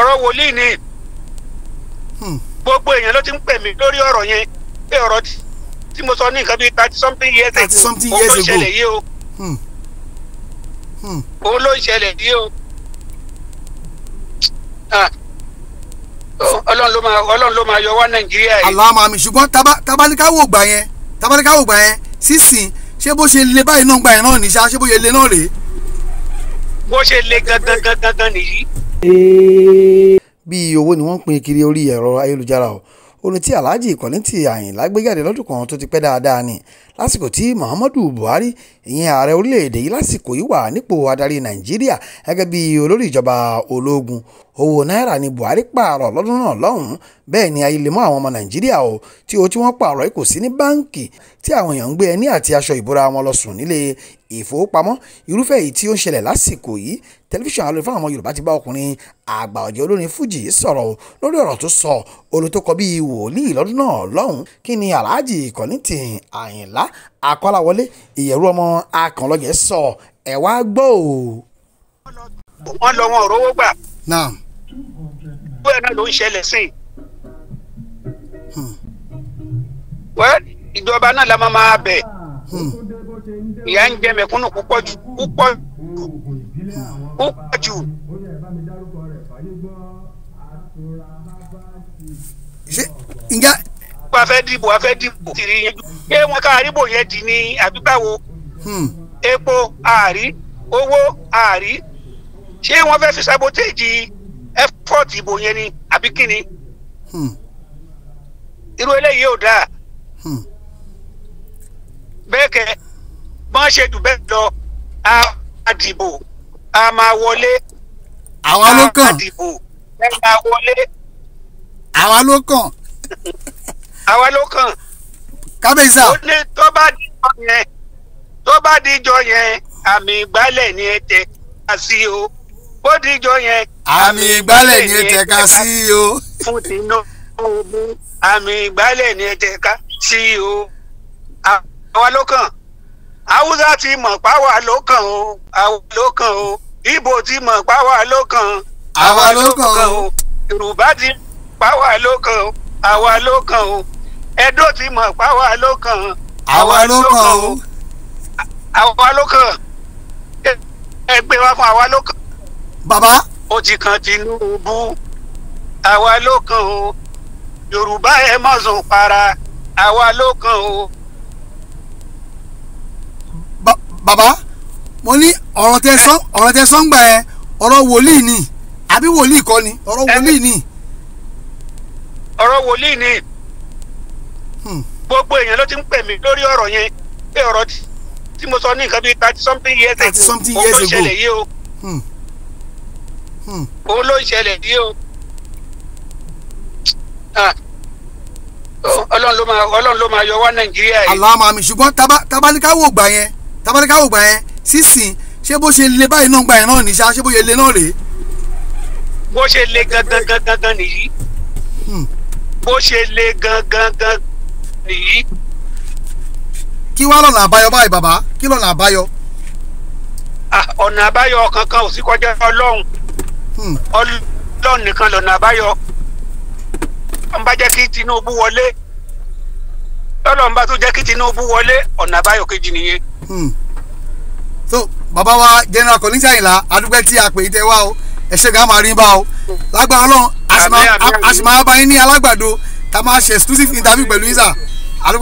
ọ̀rọ̀ wòlíì ni hmm. gbogbo èèyàn ló ti ń pè mí lórí ọ̀rọ̀ yẹn pé ọ̀rọ̀ tí mo sọ ní nǹkan bíi thirty something years ago òun ló ń hmm. hmm. ṣẹlẹ̀ yìí o òun ló ń ṣẹlẹ̀ yìí o ọlọ́run ló máa ọlọ́run ló máa yọ wá nàìjíríà yìí. àlàmà mi ṣùgbọ́n tabaníkáwò gbà yẹn tabaníkáwò gbà yẹn sísìn ṣé bó ṣe le báyìí náà gbà yẹn náà nìṣá ṣé bó ṣe le náà rèé. bó ṣe le gangan gangan nìyí bíi owó ni wọ́n ń kiri orí ẹ̀rọ ayélujára o orin tí alhaji ìkọ́nítì ti gbé jáde lọ́dún kan tó ti pẹ́ dáadáa ni lásìkò tí muhammadu buhari ìyẹn ààrẹ orílẹ̀-èdè yìí lásìkò yìí wà nípò adarí nàìjíríà gẹ́gẹ́ bíi olórí ìjọba ológun owó náírà ni buhari pààrọ̀ lọ́dún náà lọ́hùn-ún bẹ́ẹ̀ ni ayélemọ́ àwọn ọmọ nàìjíríà o tí o tí wọ́n pààrọ̀ yìí kò sí ní báǹkì tí àwọn èèyàn ń gbé ẹní àti aṣọ ìbora wọn lọ sùn nílé ìfowópamọ́ irúfẹ́ èyí tí ó ń ṣẹlẹ̀ lásìkò yìí tẹlifíṣàn àlọ́ ìfọwọ́n ọmọ yorùbá ti bá ọkùnrin àgbà ọ̀jẹ̀ olórin fújì sọ̀rọ̀ lórí ọ̀rọ̀ tó sọ olùtọ́kọ bíi wòlíì lọ́dún náà lọ́hùn kí ni aláàjì kọ́nítìn àyìnlá àkọ́láwọlé ìyẹ̀rú ọmọ akànlọ́jẹ̀ sọ ẹ̀ wá gbọ́ o. wọ́n lọ wọn ò gbà. náà bẹ́ẹ̀ náà ló ń ṣẹlẹ̀ sí i. wẹ́ ìjọba náà la máa máa bẹ̀ ìyá ń jẹ mẹ̀kúnnù púpọ̀ jù púpọ̀ jù púpọ̀ jù. ṣe ǹjẹ́. a fẹ́ dìbò a fẹ́ dìbò tìrì yẹn ṣé wọn ká àríbò yẹn dì ní àbí báwo. Hmm. epo àárí owó àárí ṣé wọn fẹ́ fi sabotage effort ìbò yẹn ni àbí kí ni hmm. irú eléyìí ò dáa hmm. bẹ́ẹ̀ kẹ́ bọ́n ṣe jù bẹ́ẹ̀ lọ a máa dìbò a máa wọlé a máa dìbò ẹ máa wọlé. àwa ló kàn. àwa ló kàn. kábíyèsí. ó ní tó bá dìjọ yẹn tó bá dìjọ yẹn àmì ìgbálẹ̀ ni ẹ tẹ̀ ká sí o ó dijọ́ yẹn. àmì ìgbálẹ̀ ni ẹ tẹ̀ka sí o. fún Tinubu àmì ìgbálẹ̀ ni ẹ tẹ̀ka sí o. àwa ló kàn haúsá ti mọ̀ páwa ló kàn o àwa ló kàn o ìbò ti mọ̀ páwa ló kàn àwa ló kàn o yorùbá ti páwa ló kàn o àwa ló kàn o ẹdó ti mọ̀ páwa ló kàn àwa ló kàn o àwa ló kàn ẹgbẹ́ wa fún àwa ló kàn. Baba! ó ti kan Tinubu àwa ló kàn o Yorùbá ẹ mọ̀sùn para àwa ló kàn o. bàbá mo ní ọ̀rọ̀ tẹ sọ ọ̀rọ̀ sọ́ngbà ẹ ọ̀rọ̀ wòlíì ni àbí wòlíì kọ́ ni ọ̀rọ̀ wòlíì ni. ọ̀rọ̀ wòlíì ni hmm. gbogbo èèyàn ló ti ń pè mí lórí ọ̀rọ̀ yẹn pé ọ̀rọ̀ tí mo sọ ní nǹkan bíi thirty something years ago òun ló ṣẹlẹ̀ yìí o. Hmm. òun ló ń ṣẹlẹ̀ yìí o ah. ọlọ́run ló máa ọlọ́run ló máa yọ wá nàìjíríà yìí. àlọ́ àmàmì ṣùgbọ́n tabalika wò gbà yẹn tabalika wò gbà yẹn sísìn ṣé bó ṣe le báyìí náà gbà yẹn náà nìṣá ṣé bó ṣe le náà rèé. bó ṣe le gangan gangan gan nìyí hmm. bó ṣe le gangan gan nìyí. kí wàá lọ́nà àbáyọ báyìí bàbá kí lọ́nà àbáyọ. Ah, ọ̀nà àbáyọ kankan ò sí kọjá ọlọ́run Hmm. ọlọ́run nìkan lọ́nà àbáyọ ọ̀n bá jẹ́ kí Tinubu wọlé ọlọ́run bá tó jẹ́ kí Tinubu wọlé ọ̀nà àbáyọ kejì nìyẹn. Hmm. so bàbá wa general kọ́nísì àyìnlá adúgbẹ́ tí a pè é tẹ́ wá o ẹ ṣe ká máa rí bá o lágbára ọlọ́run a sì máa bá yín ní alágbàdo tá a máa ṣe exclusive interview pẹ̀lú isa adúgbẹ́.